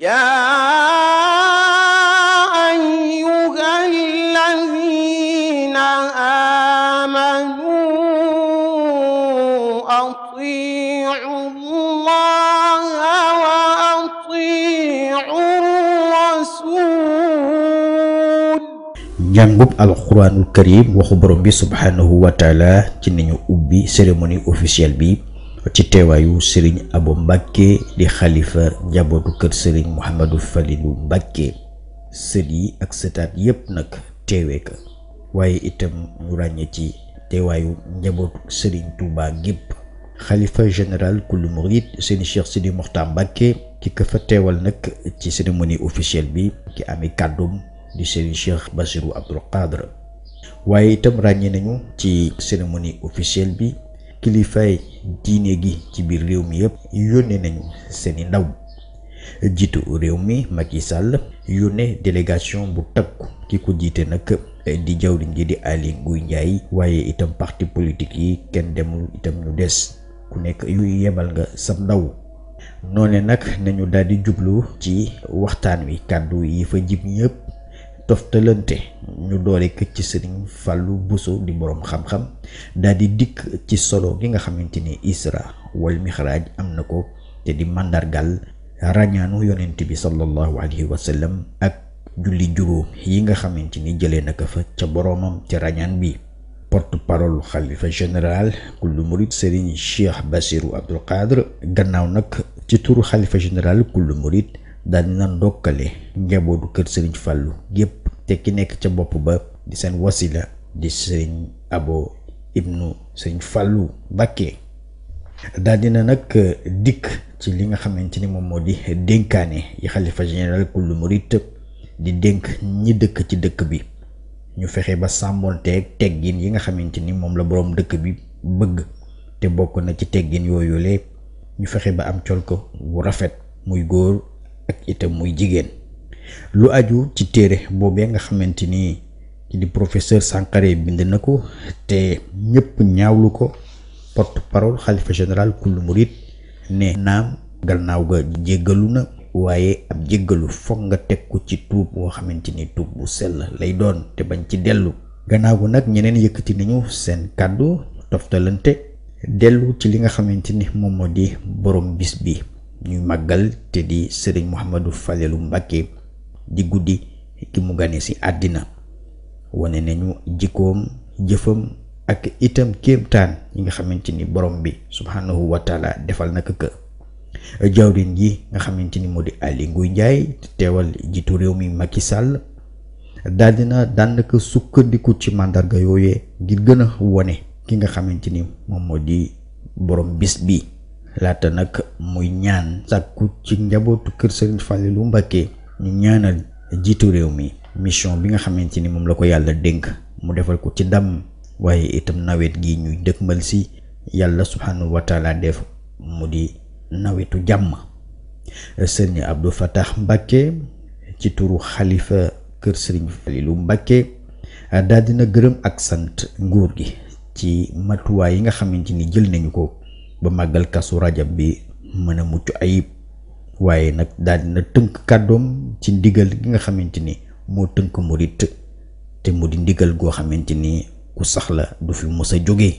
يا أيها الذين آمنوا أطيعوا الله وأطيعوا الرسول njàngub alxuraanul karim waxu borom bi subhanahu wa taala ci nañu ubbi cérémonie officielle bi ci teewaayu sëriñ abo mbàkke di xalifa njabootu kër sëriñ muhammadu falilu mbàkke sët yi ak sëtaat yépp nag teewee ka waaye itam ñu ràññee ci teewaayu njabootu sëriñ tuuba gépp xalifa général kulu murid sëriñ cheikh sidi moxtar mbàkke ki ka fa teewal nag ci cérémonie officielle bi ki amee kàddum di sëriñ cheikh basiru abdul qadr waaye itam ràññee nañu ci cérémonie officielle bi kilifaay diine gi ci biir réew mi yëpp yónnee nañu seeni ndaw jiitu réew mi mag yi sàll yónnee délégation bu takku ki ko jiite nag di jawriñ gi di Aly Ngouille Ndiaye waaye itam parti politique yi kenn demul itam ñu des ku nekk yu yebal nga sam ndaw noone nag nañu daal di jublu ci waxtaan wi kàddu yi fa jib ñëpp toftalante ñu doore kët ci sëriñ fallu buso di boroom xam-xam daal di dikk ci solo gi nga xamante ni isra wal mixraaj am na ko te di màndargal ràññaanu yonent bi sallallahu alayhi wa sallam ak julli juróom yi nga xamante ni jëlee naka fa ca boroomam ci ràññaan bi porte parole xalifa général kullu murid sëriñ cheikh basiru abdul qadr gannaaw nag ci turu xalifa général kullu murid di dina ndokkale njabootu kër sëriñ fallu gépp te ki nekk ca bopp ba di seen wasila di sëriñ abo ibnu sëriñ fàllu Mbàkke daal dina nag eh, dikk ci li nga xamante ni moom moo di dénkaane yi xalifa général kullu murit di dénk ñi dëkk ci dëkk bi ñu fexe ba sàmmonteeg teggin yi nga xamante ni moom la boroom dëkk bi bëgg te bokk na ci teggin yooyule ñu fexe ba am colko ko bu rafet muy góor ak itam muy jigéen lu aju ci téere boobee nga xamante ni di professeur Sankharé bind na ko te ñëpp ñaawlu ko porte parole xalifa général kullu murit ne naam gannaaw ga jéggalu na waaye ab jéggalu foog nga teg ko ci tuub boo xamante ni tuub bu sell lay doon te bañ ci dellu gannaaw ga nag ñeneen yëkkati nañu seen kàddu toftalante dellu ci li nga xamante ni moom moo di borom bis bi ñuy màggal te di sëriñ Mouhamadou Falelu Mbàkke di guddi gi mu gane si àddina wane nañu jikkoom jëfam ak itam kéemtaan yi nga xamante ni borom bi subhanahu wa taala defal naka ka jawrin yi nga xamante ni moo di Aly Ngouille Ndiaye jiitu réew mi Macky Sall daal dina daanaka sukkandiku ci màndarga yooyee ngir gën a wone ki nga xamante ni moom moo di borom bis bi laata nag muy ñaan sàkku ci njabootu kër Serigne Fallilou Mbacké ñu ñaanal jiitu réew mi mission bi nga xamante ni moom la ko yàlla dénk mu defal ko ci ndam waaye itam nawet gi ñuy dëkkmal si yàlla subhanahu wa taala def mu di nawetu jàmm sëriñ Abdou Fatah Mbacke ci turu xalifa kër sëriñ Falilou Mbacke daal na gërëm ak sant nguur gi ci matuwaay yi nga xamante ni jël nañu ko ba màggal kasu rajab bi mën a mucc ayib waaye nag daal di na tënk kàddoom ci ndigal gi nga xamante ni moo tënk murit te mu di ndigal goo xamante ni ku sax la du fi mës a jógee